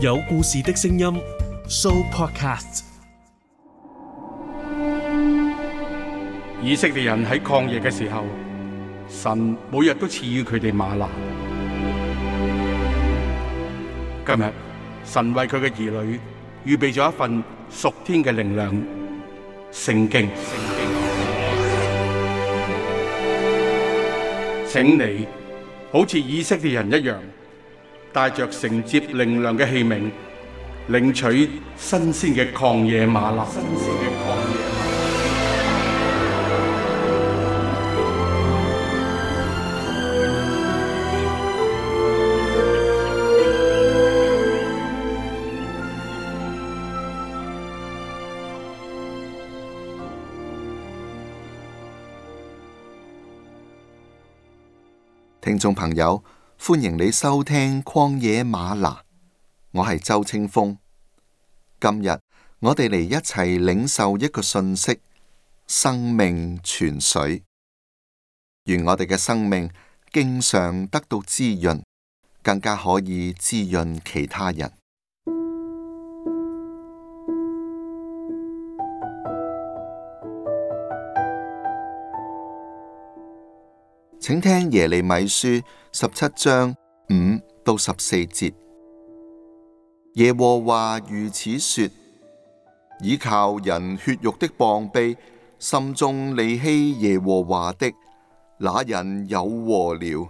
有故事的聲音，So Podcast。以色列人喺曠野嘅時候，神每日都賜予佢哋嗎哪。今日神為佢嘅兒女預備咗一份屬天嘅靈糧，聖經。請你好似以色列人一樣。帶着承接靈糧嘅器皿，領取新鮮嘅曠野嗎哪。聽眾朋友。歡迎你收聽曠野嗎哪，我係周清風。今日我哋嚟一齊領受一個訊息：生命泉水，願我哋嘅生命經常得到滋潤，更加可以滋潤其他人。請聽耶利米書。十七章五到十四節，耶和華如此說：倚靠人血肉的膀臂，心中離棄耶和華的那人有禍了。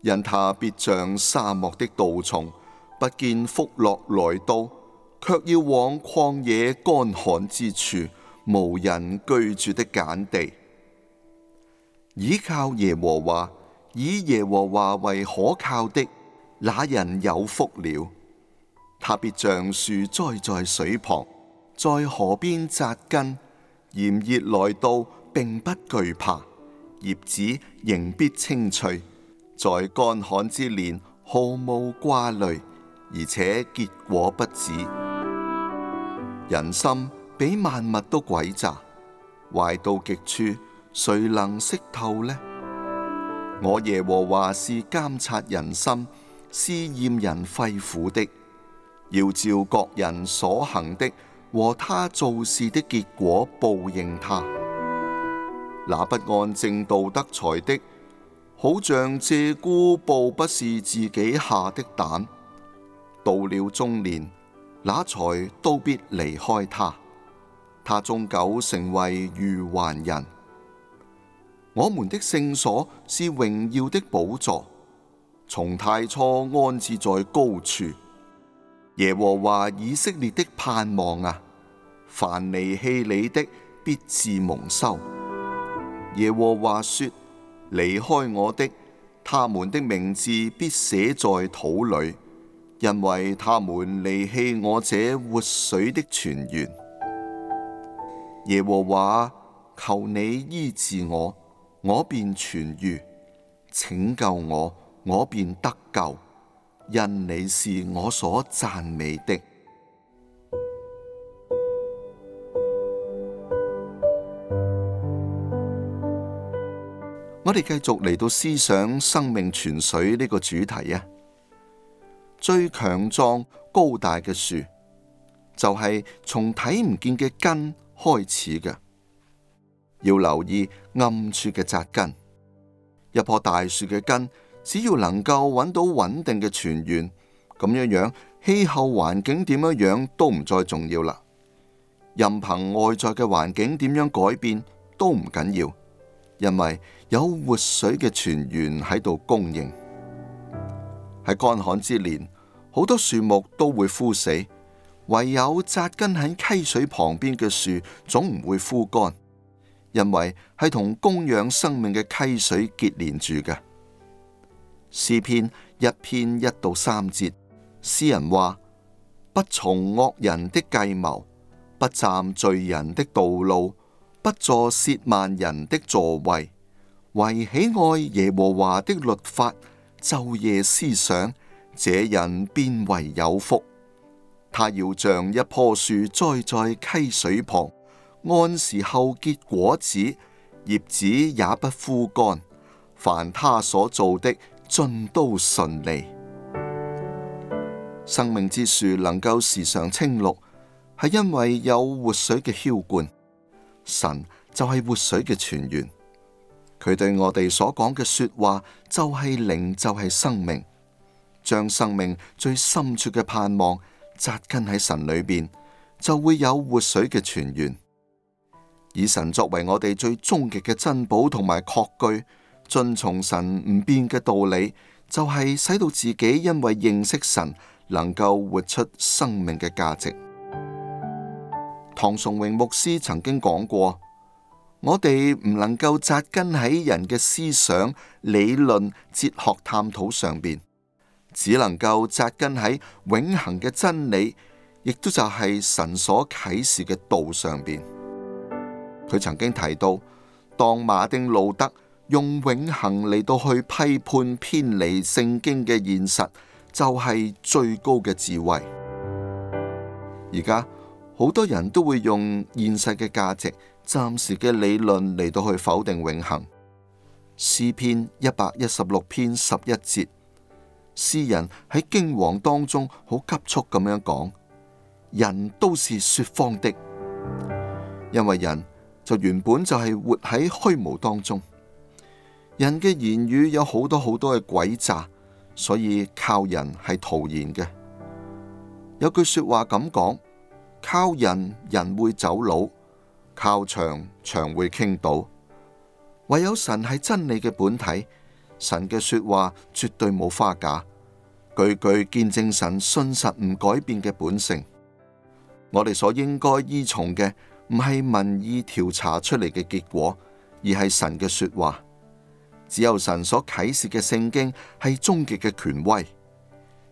因他必像沙漠的杜松，不見福樂來到，却要往曠野乾旱之處、無人居住的鹼地，依靠耶和華。以耶和華為可靠的那人有福了。他必像樹栽在水旁，在河邊扎根，炎熱來到並不懼怕，葉子仍必青翠，在乾旱之年毫無掛慮，而且結果不止。人心比萬物都詭詐，壞到極處，誰能識透呢？我耶和華是監察人心、試驗人肺腑的，要照各人所行的和他做事的結果報應他。那不按正道得財的，好像鷓鴣抱不是自己下的蛋，到了中年，那財都必離開他，他終究成為愚頑人。我們的聖所是榮耀的寶座，從太初安置在高處。耶和華以色列的盼望啊，凡離棄你的必自蒙羞。耶和華說：離開我的，他們的名字必寫在土裏，因為他們離棄我這活水的泉源。耶和華，求你醫治我。我便痊癒，拯救我，我便得救，因你是我所讚美的。 我哋繼續嚟到思想生命泉水呢個主題啊！最強壯高大嘅樹，就係從睇唔見嘅根開始嘅。要留意暗處嘅紮根。一棵大樹嘅根，只要能夠搵到穩定嘅泉源，咁樣樣氣候環境點樣樣都唔再重要啦。任憑外在嘅環境點樣改變都唔緊要，因為有活水嘅泉源喺度供應。喺乾旱之年，好多樹木都會枯死，唯有紮根喺溪水旁邊嘅樹總唔會枯乾。因為係同供養生命嘅溪水結連住嘅。詩篇一篇一到三節，詩人話：不從惡人的計謀，不站罪人的道路，不坐褻慢人的座位，唯喜愛耶和華的律法，晝夜思想，這人便為有福。他要像一棵樹栽在,在溪水旁。按時候結果子，葉子也不枯乾。凡他所做的，盡都順利。生命之樹能夠時常青綠，係因為有活水嘅澆灌。神就係活水嘅泉源。佢對我哋所講嘅說話就係靈，就係生命。將生命最深處嘅盼望扎根喺神裏面，就會有活水嘅泉源。以神作為我哋最終極嘅珍寶同埋確據，遵從神唔變嘅道理，就係、是、使到自己因為認識神，能夠活出生命嘅價值。唐崇榮牧師曾經講過：我哋唔能夠扎根喺人嘅思想、理論、哲學探討上邊，只能夠扎根喺永恒嘅真理，亦都就係神所啟示嘅道上邊。佢曾經提到，當馬丁路德用永恆嚟到去批判偏離聖經嘅現實，就係最高嘅智慧。而家好多人都會用現實嘅價值、暫時嘅理論嚟到去否定永恆。詩篇一百一十六篇十一節，詩人喺驚惶當中好急促咁樣講：人都是説謊的，因為人。就原本就係活喺虛無當中，人嘅言語有好多好多嘅詭詐，所以靠人係徒然嘅。有句話說話咁講：靠人人會走佬，靠牆牆會傾倒。唯有神係真理嘅本體，神嘅說話絕對冇花假，句句見證神信實唔改變嘅本性。我哋所應該依從嘅。唔係民意調查出嚟嘅結果，而係神嘅說話。只有神所啟示嘅聖經係終極嘅權威。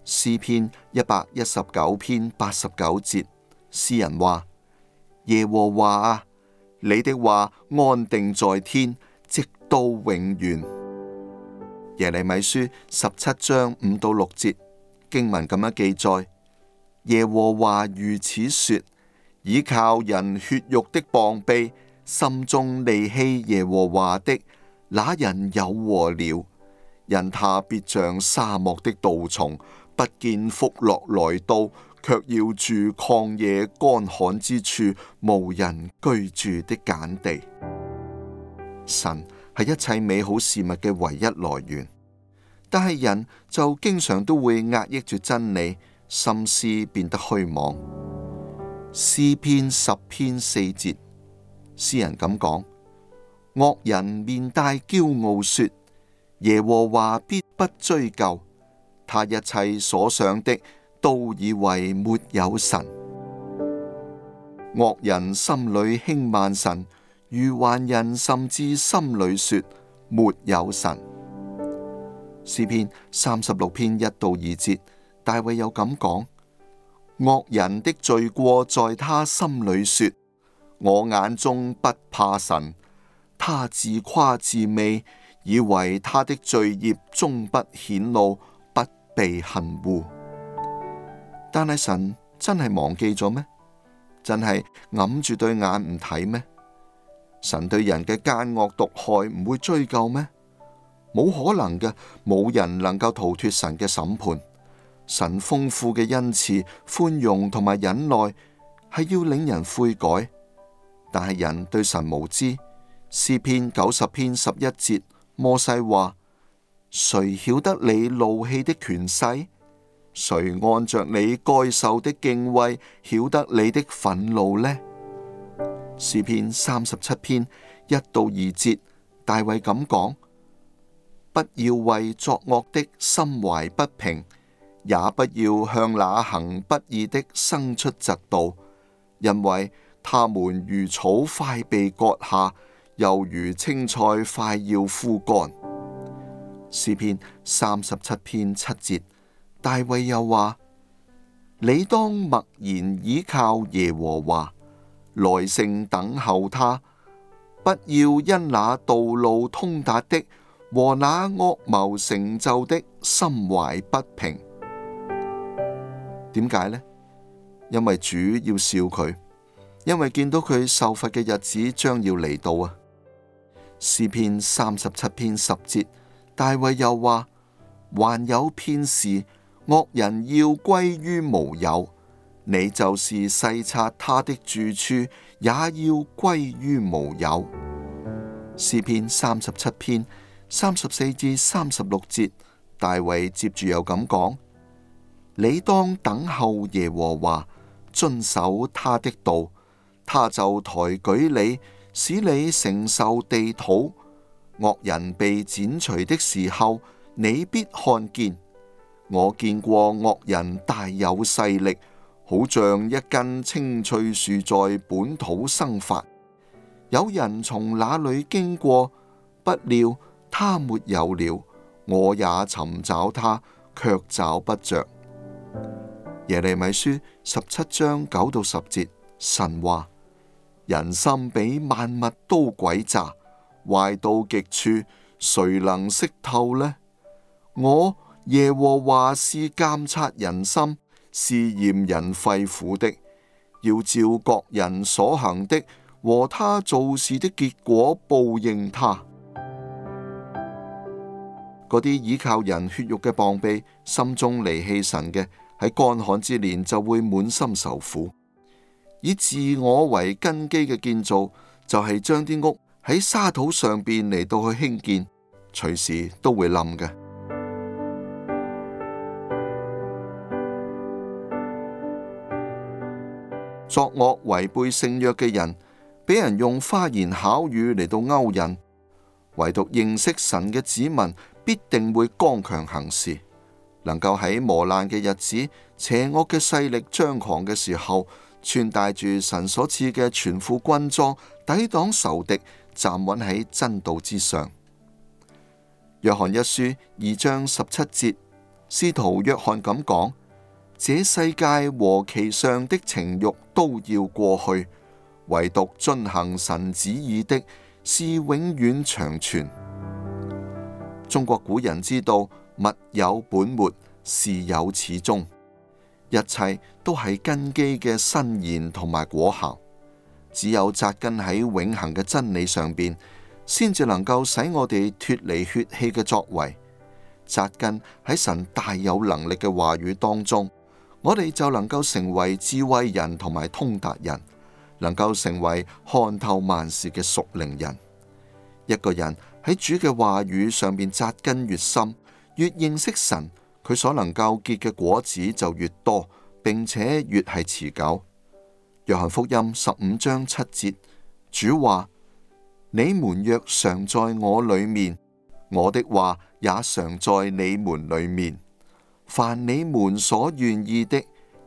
詩篇一百一十九篇八十九節，詩人話：耶和華啊，你的話安定在天，直到永遠。耶利米書十七章五到六節，經文咁樣記載：耶和華如此說。倚靠人血肉的膀臂，心中離棄耶和華的那人有禍了。因他必像沙漠的杜松，不見福樂來到，卻要住曠野乾旱之處，無人居住的鹼地。神係一切美好事物嘅唯一來源，但係人就經常都會壓抑住真理，心思變得虛妄。詩篇十篇四節，詩人咁講：惡人面帶驕傲說，耶和華必不追究他一切所想的，都以為沒有神。惡人心裏輕慢神，愚頑人甚至心裏說沒有神。詩篇三十六篇一到二節，大衛又咁講。惡人的罪過在他心裏說，我眼中不怕神，他自誇自媚，以為他的罪孽終不顯露，不被恨惡。但係神真係忘記咗咩？真係揞住對眼唔睇咩？神對人嘅奸惡毒害唔會追究咩？冇可能嘅，冇人能夠逃脱神嘅審判。神豐富嘅恩慈、寬容同埋忍耐，係要令人悔改。但係人對神無知。詩篇九十篇十一節，摩西話：誰曉得你怒氣的權勢？誰按着你該受的敬畏，曉得你的憤怒呢？詩篇三十七篇一到二節，大衛咁講：不要為作惡的心懷不平。也不要向那行不義的生出嫉妒，因為他們如草快被割下，又如青菜快要枯乾。詩篇三十七篇七節，大衛又話：你當默然倚靠耶和華，耐性等候他，不要因那道路通達的和那惡謀成就的，心懷不平。點解呢？因為主要笑佢，因為見到佢受罰嘅日子將要嚟到啊！詩篇三十七篇十節，大衛又話：還有片時，惡人要歸於無有，你就是細察他的住處，也要歸於無有。詩篇三十七篇三十四至三十六節，大衛接住又咁講。你當等候耶和華，遵守他的道，他就抬舉你，使你承受地土。惡人被剪除的時候，你必看見。我見過惡人大有勢力，好像一根青翠樹在本土生發。有人從那裏經過，不料他沒有了。我也尋找他，却找不着。耶利米書十七章九到十節，神話，人心比萬物都詭詐，壞到極處，誰能識透呢？我耶和華是監察人心，是驗人肺腑的，要照各人所行的和他做事的結果報應他。嗰啲倚靠人血肉嘅膀臂，心中離棄神嘅。喺乾旱之年就會滿心受苦，以自我為根基嘅建造就係將啲屋喺沙土上邊嚟到去興建，隨時都會冧嘅。作惡違背聖約嘅人，俾人用花言巧語嚟到勾引，唯獨認識神嘅子民必定會剛強行事。能夠喺磨難嘅日子，邪惡嘅勢力張狂嘅時候，穿戴住神所賜嘅全副軍裝，抵擋仇敵，站穩喺真道之上。約翰一書二章十七節，使徒約翰咁講：這世界和其上的情欲都要過去，唯獨遵行神旨意的，是永遠長存。中國古人知道。物有本末，事有始終，一切都係根基嘅伸延同埋果效。只有紮根喺永恒嘅真理上邊，先至能夠使我哋脫離血氣嘅作為。紮根喺神大有能力嘅話語當中，我哋就能夠成為智慧人同埋通達人，能夠成為看透萬事嘅屬靈人。一個人喺主嘅話語上邊紮根越深，越認識神，佢所能夠結嘅果子就越多，並且越係持久。約翰福音十五章七節，主話：你們若常在我裏面，我的話也常在你們裏面。凡你們所願意的，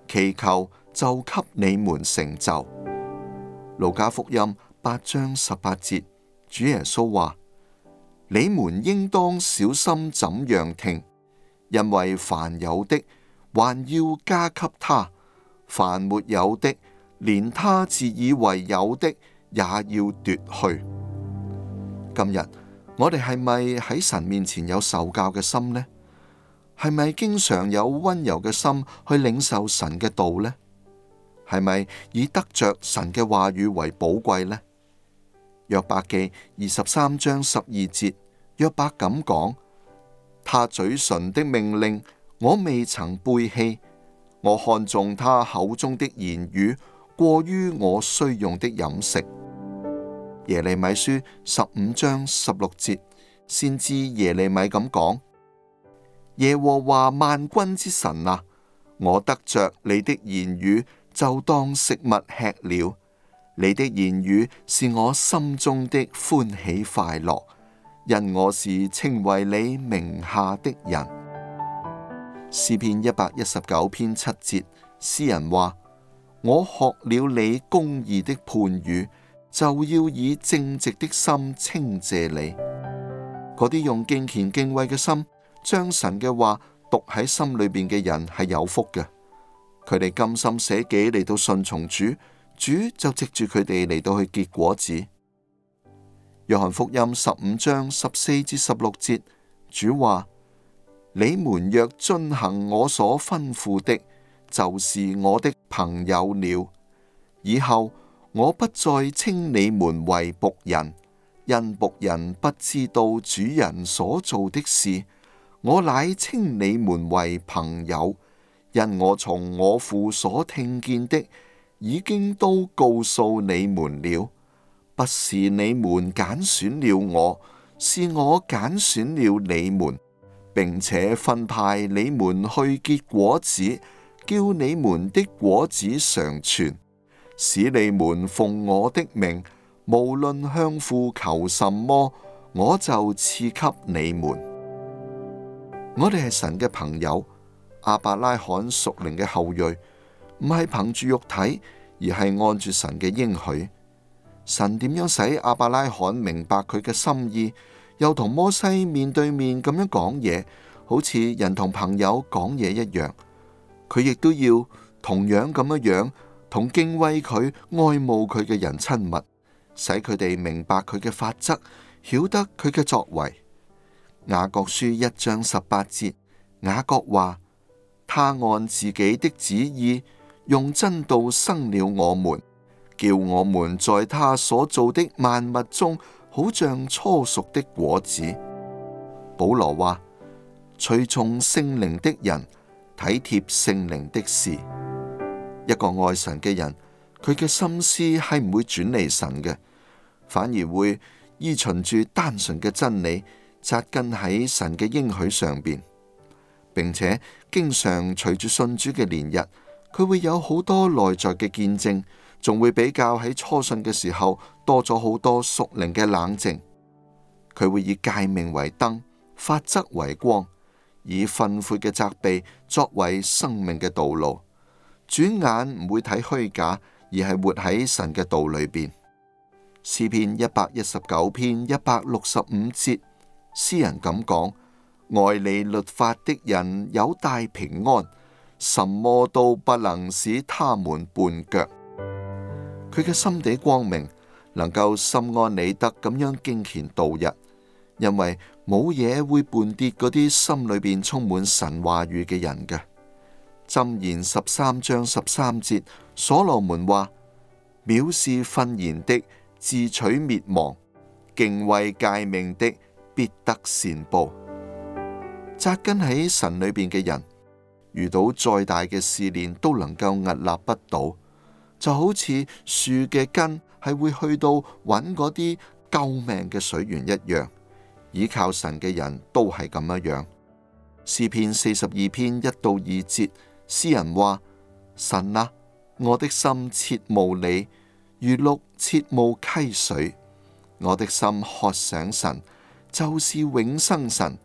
祈求就給你們成就。路加福音八章十八節，主耶穌話：你們應當小心怎樣聽，因為凡有的還要加給他，凡沒有的，連他自以為有的也要奪去。今日我哋係咪喺神面前有受教嘅心呢？係咪經常有温柔嘅心去領受神嘅道呢？係咪以得着神嘅話語為寶貴呢？約伯記二十三章十二節，約伯咁講：他嘴唇的命令，我未曾背棄；我看重他口中的言語，過於我需用的飲食。耶利米書十五章十六節，先知耶利米咁講：耶和華萬軍之神啊，我得着你的言語，就當食物吃了。你的言語是我心中的歡喜快樂，因我是稱為你名下的人。詩篇一百一十九篇七節，詩人話：我學了你公義的判語，就要以正直的心稱謝你。嗰啲用敬虔敬畏嘅心將神嘅話讀喺心裏邊嘅人係有福嘅，佢哋甘心捨己嚟到信從主。主就藉住佢哋嚟到去結果子。約翰福音十五章十四至十六節，主話：你們若遵行我所吩咐的，就是我的朋友了。以後我不再稱你們為僕人，因僕人不知道主人所做的事，我乃稱你們為朋友，因我從我父所聽見的。已經都告訴你們了，不是你們揀選了我，是我揀選了你們，並且分派你們去結果子，叫你們的果子常存，使你們奉我的名，無論向父求什麼，我就賜給你們。我哋係神嘅朋友，亞伯拉罕屬靈嘅後裔。唔係憑住肉體，而係按住神嘅應許。神點樣使亞伯拉罕明白佢嘅心意，又同摩西面對面咁樣講嘢，好似人同朋友講嘢一樣。佢亦都要同樣咁樣樣，同敬畏佢、愛慕佢嘅人親密，使佢哋明白佢嘅法則，曉得佢嘅作為。雅各書一章十八節，雅各話：「他按自己的旨意。用真道生了我們，叫我們在他所造的萬物中，好像初熟的果子。保羅話：隨從聖靈的人，體貼聖靈的事。一個愛神嘅人，佢嘅心思係唔會轉離神嘅，反而會依循住單純嘅真理，扎根喺神嘅應許上邊，並且經常隨住信主嘅連日。佢會有好多內在嘅見證，仲會比較喺初信嘅時候多咗好多熟靈嘅冷靜。佢會以誡命為燈，法則為光，以訓誨嘅責備作為生命嘅道路。轉眼唔會睇虛假，而係活喺神嘅道裏邊。詩篇一百一十九篇一百六十五節，詩人咁講：愛你律法的人有大平安。什麼都不能使他們絆腳，佢嘅心底光明，能夠心安理得咁樣敬虔度日，因為冇嘢會絆跌嗰啲心裏邊充滿神話語嘅人嘅。箴言十三章十三節，所羅門話：藐視訓言的，自取滅亡；敬畏誡命的，必得善報。扎根喺神裏邊嘅人。遇到再大嘅試煉都能夠屹立不倒，就好似樹嘅根係會去到搵嗰啲救命嘅水源一樣。倚靠神嘅人都係咁樣樣。詩篇四十二篇一到二節，詩人話：神啊，我的心切慕你，如鹿切慕溪水。我的心渴想神，就是永生神。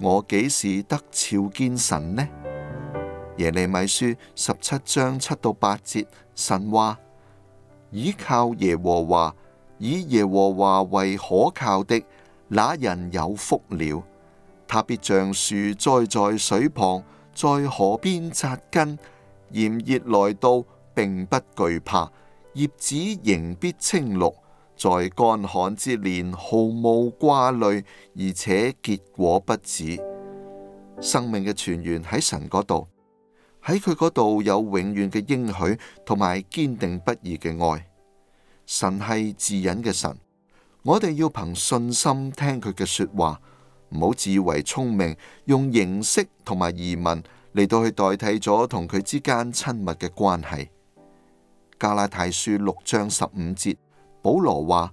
我幾時得朝見神呢？耶利米書十七章七到八節，神話，倚靠耶和華，以耶和華為可靠的那人有福了。他必像樹栽在水旁，在河邊紮根，炎熱來到，並不懼怕，葉子仍必青綠，在乾旱之年毫無掛慮，而且結果不止。生命嘅泉源喺神嗰度。喺佢嗰度有永遠嘅應許同埋堅定不移嘅愛。神係自隱嘅神，我哋要憑信心聽佢嘅說話，唔好自為聰明，用認識同埋疑問嚟到去代替咗同佢之間親密嘅關係。加拉太書六章十五節，保羅話：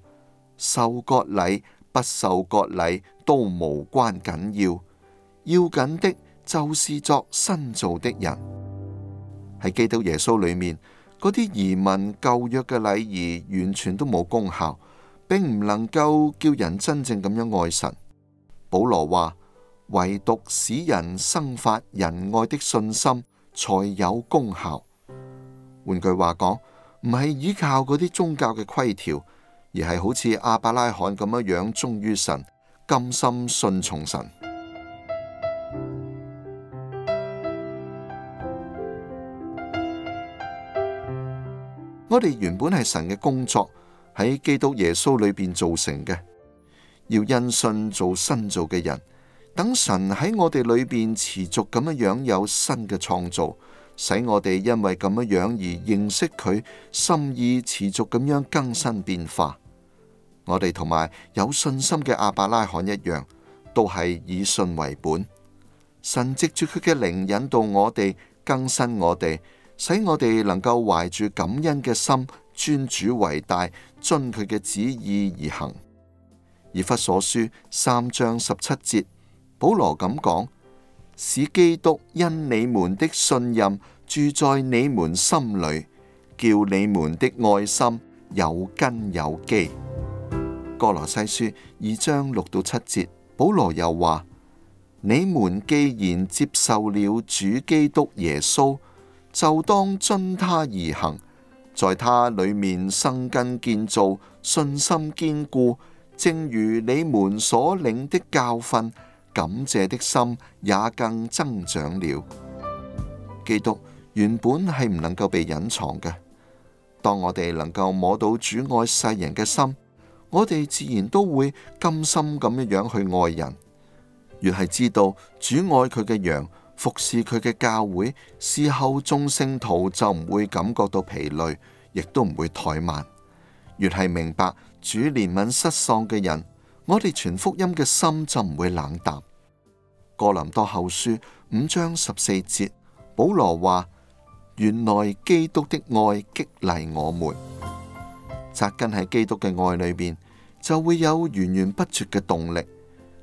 受割禮不受割禮都無關緊要，要緊的就是作新造的人。喺基督耶穌裏面，嗰啲移民舊約嘅禮儀完全都冇功效，並唔能夠叫人真正咁樣愛神。保羅話：唯獨使人生發仁愛的信心，才有功效。換句話講，唔係依靠嗰啲宗教嘅規條，而係好似亞伯拉罕咁樣樣忠於神、甘心信從神。我哋原本係神嘅工作喺基督耶穌裏邊造成嘅，要因信做新造嘅人。等神喺我哋裏邊持續咁樣樣有新嘅創造，使我哋因為咁樣樣而認識佢，心意持續咁樣更新變化。我哋同埋有信心嘅亞伯拉罕一樣，都係以信為本。神藉住佢嘅靈引導我哋，更新我哋。使我哋能夠懷住感恩嘅心，尊主為大，遵佢嘅旨意而行。以弗所書三章十七節，保羅咁講：使基督因你們的信任住在你們心裏，叫你們的愛心有根有基。哥羅西書二章六到七節，保羅又話：你們既然接受了主基督耶穌。就當遵他而行，在他裡面生根建造，信心堅固，正如你們所領的教訓，感謝的心也更增長了。基督原本係唔能夠被隱藏嘅，當我哋能夠摸到主愛世人嘅心，我哋自然都會甘心咁樣樣去愛人，越係知道主愛佢嘅羊，服侍佢嘅教會，事後眾聖徒就唔會感覺到疲累，亦都唔會怠慢。越係明白主憐憫失喪嘅人，我哋傳福音嘅心就唔會冷淡。哥林多後書五章十四節，保羅話：原來基督的愛激勵我們。紮根喺基督嘅愛裏面，就會有源源不絕嘅動力。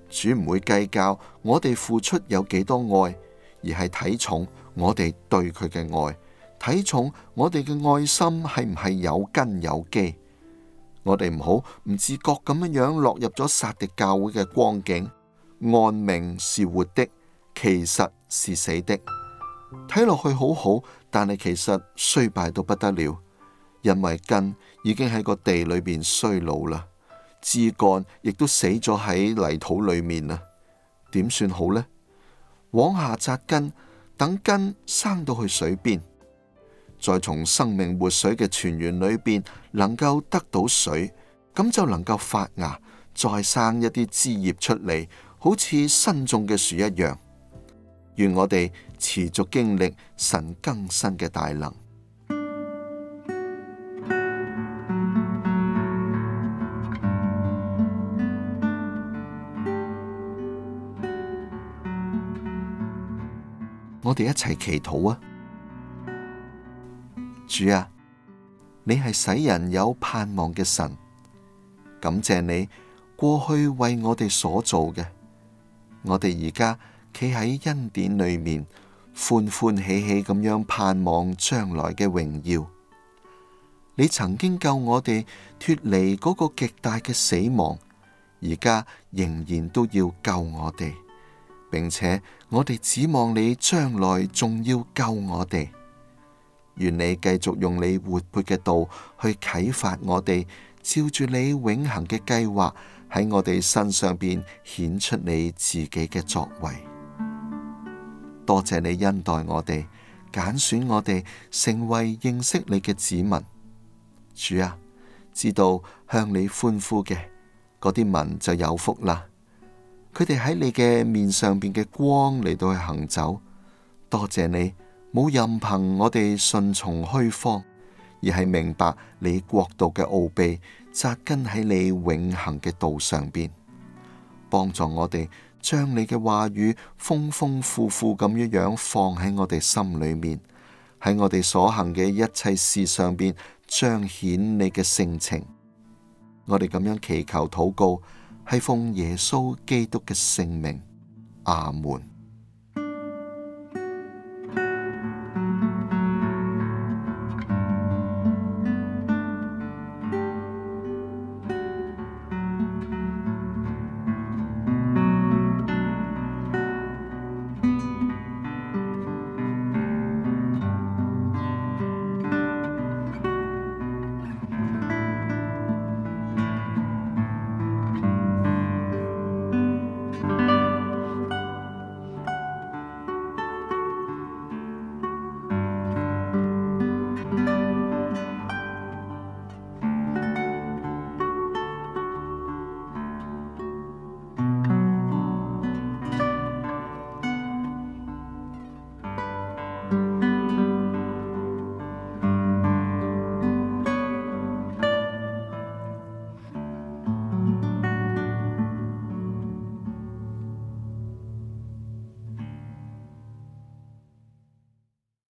主唔會計較我哋付出有幾多愛。而係睇重我，重我哋對佢嘅愛睇重，我哋嘅愛心係唔係有根有基？我哋唔好唔自覺咁樣落入咗撒狄教會嘅光景，按名是活的，其實是死的。睇落去好好，但係其實衰敗到不得了，因為根已經喺個地裏邊衰老啦，枝幹亦都死咗喺泥土裏面啦，點算好呢？往下扎根，等根生到去水邊，再從生命活水嘅泉源裏邊，能夠得到水，咁就能夠發芽，再生一啲枝葉出嚟，好似新種嘅樹一樣。願我哋持續經歷神更新嘅大能。一齊祈禱啊！主啊，你係使人有盼望嘅神，感謝你過去為我哋所做嘅，我哋而家企喺恩典裏面，歡歡喜喜咁樣盼望將來嘅榮耀。你曾經救我哋脫離嗰個極大嘅死亡，而家仍然都要救我哋，並且。我哋指望你將來仲要救我哋，願你繼續用你活潑嘅道去啟發我哋，照住你永恆嘅計劃喺我哋身上邊顯出你自己嘅作為。多謝你恩待我哋，揀選我哋成為認識你嘅子民。主啊，知道向你歡呼嘅嗰啲民就有福啦。佢哋喺你嘅面上邊嘅光嚟到去行走，多謝你冇任憑我哋順從虛方，而係明白你國度嘅奧秘，紮根喺你永恆嘅道上邊，幫助我哋將你嘅話語豐豐富富咁樣樣放喺我哋心裏面，喺我哋所行嘅一切事上邊彰顯你嘅性情。我哋咁樣祈求禱告。係奉耶穌基督嘅聖名，阿門。